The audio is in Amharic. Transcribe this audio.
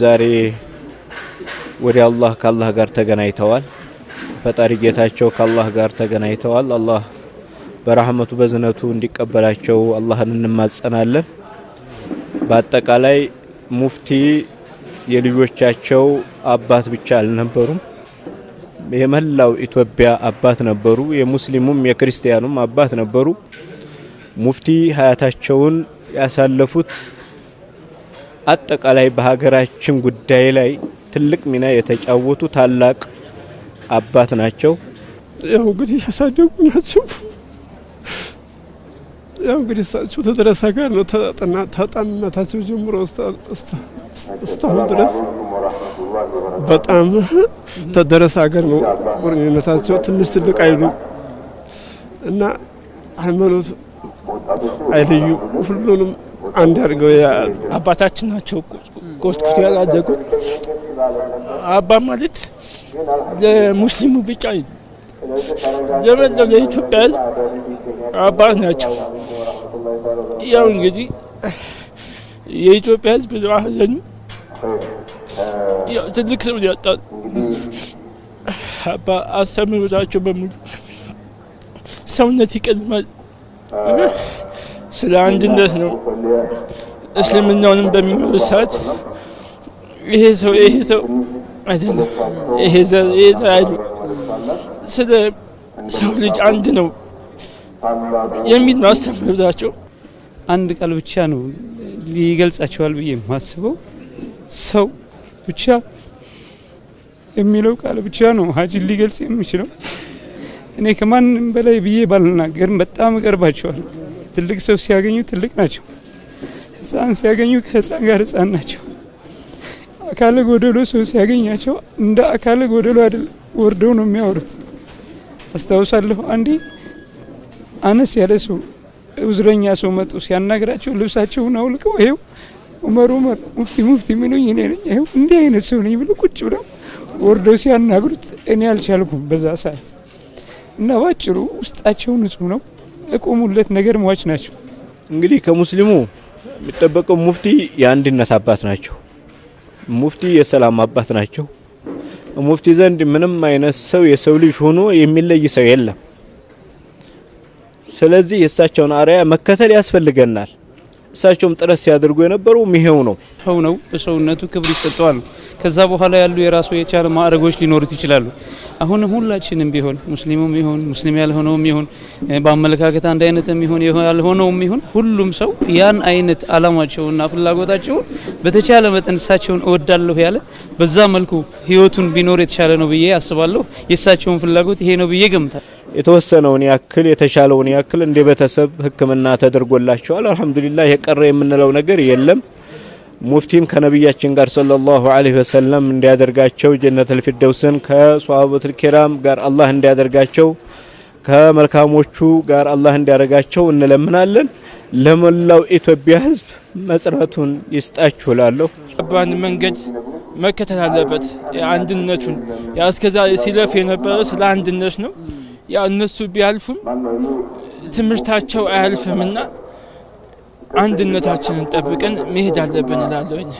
ዛሬ ወደ አላህ ከአላህ ጋር ተገናኝተዋል። ፈጣሪ ጌታቸው ከአላህ ጋር ተገናኝተዋል። አላህ በረህመቱ በዝነቱ እንዲቀበላቸው አላህን እንማጸናለን። በአጠቃላይ ሙፍቲ የልጆቻቸው አባት ብቻ አልነበሩም፣ የመላው ኢትዮጵያ አባት ነበሩ። የሙስሊሙም የክርስቲያኑም አባት ነበሩ። ሙፍቲ ሀያታቸውን ያሳለፉት አጠቃላይ በሀገራችን ጉዳይ ላይ ትልቅ ሚና የተጫወቱ ታላቅ አባት ናቸው። ያው እንግዲህ ያሳደጉ ናቸው። ያው እንግዲህ እሳቸው ተደረሰ ጋር ነው ተጣናታቸው ጀምሮ እስታሁን ድረስ በጣም ተደረሰ ሀገር ነው ቁርኝነታቸው ትንሽ ትልቅ አይሉ እና ሃይማኖት አይለዩ ሁሉንም አንድ አድርገው ያያሉ። አባታችን ናቸው ቆስቁት ያላደጉት። አባ ማለት ለሙስሊሙ ብቻ ለመላው ለኢትዮጵያ ሕዝብ አባት ናቸው። ያው እንግዲህ የኢትዮጵያ ሕዝብ ለማህዘኑ ትልቅ ሰው ያጣል። አባ አስተምህሯቸው በሙሉ ሰውነት ይቀድማል። ስለ አንድነት ነው። እስልምናውንም በሚመሩት ሰዓት ይሄ ሰው ይሄ ሰው አይደለም፣ ይሄ ዘር ይሄ ዘር ስለ ሰው ልጅ አንድ ነው የሚል ነው አንድ ቃል ብቻ ነው ሊገልጻቸዋል ብዬ የማስበው ሰው ብቻ የሚለው ቃል ብቻ ነው ሀጅን ሊገልጽ የሚችለው። እኔ ከማንም በላይ ብዬ ባልናገርም በጣም እቀርባቸዋል። ትልቅ ሰው ሲያገኙ ትልቅ ናቸው። ህፃን ሲያገኙ ከህፃን ጋር ህፃን ናቸው። አካለ ጎደሎ ሰው ሲያገኛቸው እንደ አካለ ጎደሎ አይደል ወርደው ነው የሚያወሩት። አስታውሳለሁ አንዴ አነስ ያለ ሰው እውዝረኛ ሰው መጡ ሲያናግራቸው ልብሳቸውን አውልቀው ይሄው ኡመር ኡመር ሙፍቲ ሙፍቲ የሚሉኝ እኔ ነኝ። ይኸው እንዲህ አይነት ሰው ነኝ ብሎ ቁጭ ብለው ወርደው ሲያናግሩት እኔ አልቻልኩም በዛ ሰዓት እና ባጭሩ ውስጣቸው ንጹህ ነው። እቁሙለት ነገር ሟች ናቸው። እንግዲህ ከሙስሊሙ የሚጠበቀው ሙፍቲ የአንድነት አባት ናቸው። ሙፍቲ የሰላም አባት ናቸው። ሙፍቲ ዘንድ ምንም አይነት ሰው የሰው ልጅ ሆኖ የሚለይ ሰው የለም። ስለዚህ የእሳቸውን አርያ መከተል ያስፈልገናል። እሳቸውም ጥረት ሲያደርጉ የነበሩ ይሄው ነው። ሰው ነው፣ በሰውነቱ ክብር ይሰጠዋል። ከዛ በኋላ ያሉ የራሱ የቻለ ማዕረጎች ሊኖሩት ይችላሉ። አሁን ሁላችንም ቢሆን ሙስሊሙም ይሁን ሙስሊም ያልሆነውም ይሁን በአመለካከት አንድ አይነትም ይሁን ያልሆነውም ይሁን ሁሉም ሰው ያን አይነት አላማቸውና ፍላጎታቸውን በተቻለ መጠን እሳቸውን እወዳለሁ ያለ በዛ መልኩ ህይወቱን ቢኖር የተሻለ ነው ብዬ አስባለሁ። የእሳቸውን ፍላጎት ይሄ ነው ብዬ ገምታል። የተወሰነውን ያክል የተሻለውን ያክል እንደ ቤተሰብ ሕክምና ተደርጎላቸዋል። አልሐምዱሊላህ የቀረ የምንለው ነገር የለም። ሙፍቲም ከነቢያችን ጋር ሰለላሁ ዐለይሂ ወሰለም እንዲያደርጋቸው ጀነት ፊርደውስን ከሷሃበቱል ኪራም ጋር አላህ እንዲያደርጋቸው ከመልካሞቹ ጋር አላህ እንዲያደርጋቸው እንለምናለን። ለመላው ኢትዮጵያ ሕዝብ መጽረቱን ይስጣችሁ እላለሁ። መንገድ መከተል አለበት። የአንድነቱን ያ እስከዛ ሲለፍ የነበረው ስለ አንድነት ነው። ያ እነሱ ቢያልፉም ትምህርታቸው አያልፍምና አንድነታችንን ጠብቀን መሄድ አለብን እላለሁኝ።